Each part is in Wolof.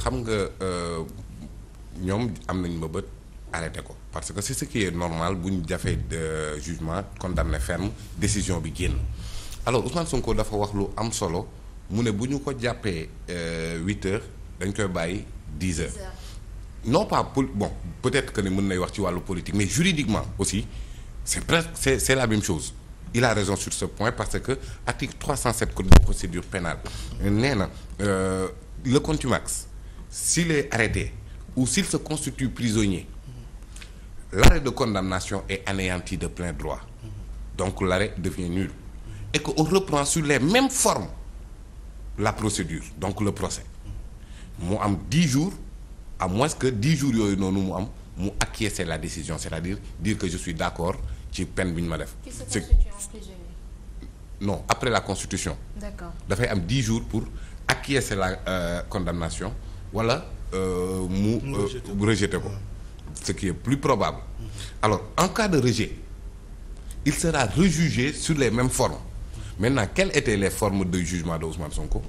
xam nga euh, ñoom am nañ ma bët arrêté ko parce que c'est ce qui est normal bu ñu jafee kon jugement condamné ferme décision bi génn alors Ousmane Sonko dafa wax lu am solo mu ne bu ñu ko jàppee euh, huit heures dañ koy bàyyi dix heures non pas pour bon peut-être que ne mën nay wax ci wàllu politique mais juridiquement aussi c'est presque c'est c'est la même chose il a raison sur ce point parce que article 307 code de procédure pénale nee euh, le contumax s'il est arrêté ou s'il se constitue prisonnier l'arrêt de condamnation est anéanti de plein droit donc l'arrêt devient nul et qu'on reprend sur les mêmes formes la procédure donc le procès mu am dix jours à moins que dix jours yooyu noonu mu am mu acquiescer la décision c'est-à-dire dire que je suis d'accord ci peine bi ñu ma def. non après la constitution. dafay am dix jours pour. acquiescer la euh, condamnation wala euh, mu euh, rejeter ko ce qui est plus probable mm-hmm. alors en cas de rejet il sera rejugé sur les mêmes formes maintenant quel étaient les formes de jugement de Ousmane Sonko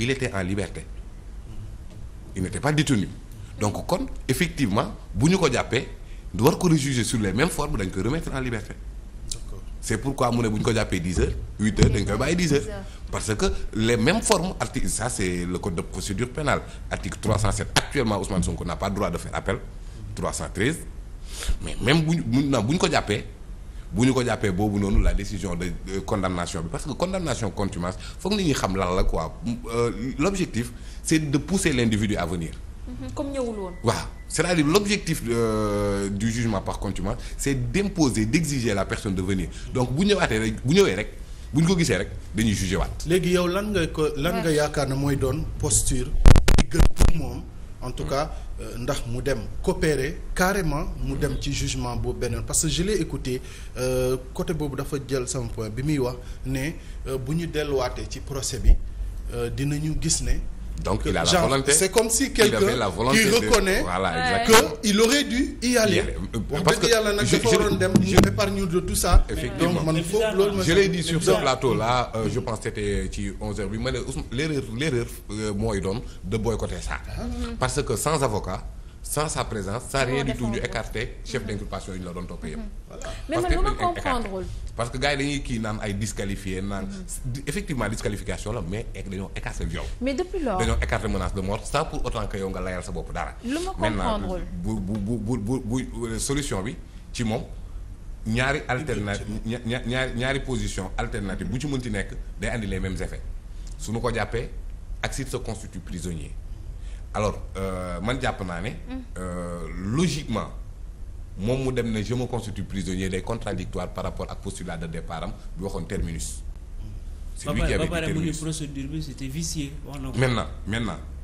il était en liberté mm-hmm. il n'était pas détenu donc kon effectivement bu ñu ko jàppee war ko rejuger sur les mêmes formes dañ koy remettre en liberté c'est pourquoi mu ne bu ñu ko jàppee dix heures huit heures dañ koy bàyyi dix heures parce que les mêmes formes article ça c'est le code de procédure pénale article 307 actuellement Ousmane Sonko n'a pas droit de faire appel mais même bu ñu na bu ñu ko jàppee bu ñu ko jàppee boobu noonu la décision de condamnation bi parce que condamnation contumace foog nit ñi xam lan la quoi euh, l'objectif c'est de pousser l'individu à venir Mhm. comme ñëwul woon. waaw c'est-à-dire l'objectif euh, du jugement par contumace c'est d'imposer d'exiger à la personne de venir donc bu ñëwaatee rek bu ñëwee rek bu ñu ko gisee rek dañuy jugé waat. léegi yow lan nga ko lan nga yaakaar ne mooy doon posture bi pour moom en tout mm. cas euh, ndax mu dem coopérer carrément mu dem ci jugement boobu beneen parce que je l'ai écouté euh, côté boobu dafa jël sama point bi muy wax ne bu ñu delluwaatee ci procès bi dina ñu gis ne. Donc il a Genre, la volonté. C'est comme si quelqu'un qui reconnaît de... voilà, ouais. que il aurait dû y aller. Parce que yàlla nag dafa waroon dem ñu épargne de tout ça. je l'ai dit sur ce plateau là euh, je pense que c'était ci 11h bi ma ne l'erreur l'erreur euh, mooy doon de boycotter ça. Ah. Parce que sans avocat sans sa présence sans rien du tout ñu écarté chef mhm. d'inculpation yi ñu la doon toppee yëpp parce que gars yi dañuy kii naan ay disqualifié naan mhm. effectivement disqualification la mais ek dañoo écarté viol mais depuis lors dañoo écarté menace de mort sans pour autant que yow nga layal sa bopp dara lu ma bu bu bu bu bu bu euh, solution bi ci moom ñaari alternative ñaari ñaari position alternative bu ci mënti nekk day andi les mêmes su suñu ko jàppee ak s'il se constitue prisonnier alors euh, man jàpp naa ne. Mm. Euh, logiquement moom mu dem ne je me constitue prisonnier day contradictoire par rapport ak postulat de départ am bi waxoon terminus. c'est lui qui avait dit terminus ko. maintenant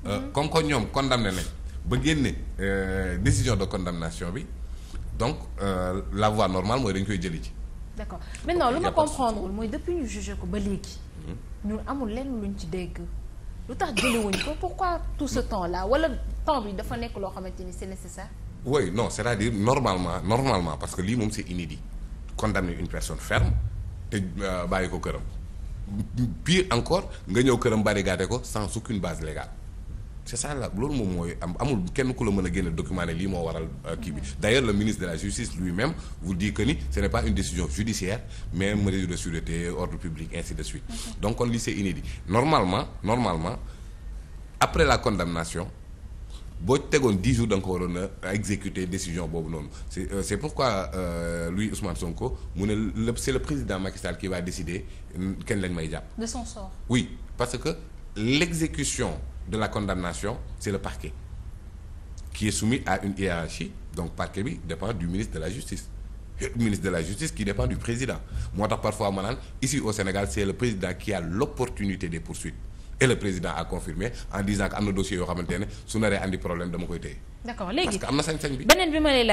euh, mm-hmm. ba génne décision de condamnation bi donc euh, la voie mooy dañ koy jëli ci. d'accord maintenant lu ma ñu mm-hmm. ci dégg. lu tax jëlewuñ ko pourquoi tout ce temps là wala temps bi dafa nekk loo xamante ni c'est nécessaire. oui non c'est-à-dire normalement normalement parce que lii moom c'est inédit condamner une personne ferme te euh, bàyyi ko këram pire encore nga ñëw këram barricadé ko sans aucune base légale. c'est ça la loolu moom mooy am amul kenn ku la mën a génne document ne lii moo waral euh, kii bi d'ailleurs le ministre de la justice lui-même vous dit que ni ce n'est pas une décision judiciaire mais mesure de sûreté ordre public ainsi de suite donc kon lii inédit normalement normalement après la condamnation boo tegoon dix jours da ko waroon na exécuter décision boobu noonu c'est euh, c'est pourquoi euh, lui Ousmane Sonko mu ne le c'est le président Macky Sall qui va euh, kenn lañ may jàpp. son sort. parce que l'exécution de la condamnation c'est le parquet qui est soumis à une hiérarchie donc parquet bi dépend du ministre de la justice ministre de la justice qui dépend du président moo tax parfois ma naan ici au Sénégal c'est le président qui a l'opportunité des poursuites et le président a confirmé en disant que am na dossier yoo xamante ne su naree andi problème dama koy téye. parce que am na sañ-sañ bi. beneen bi ma lay laaj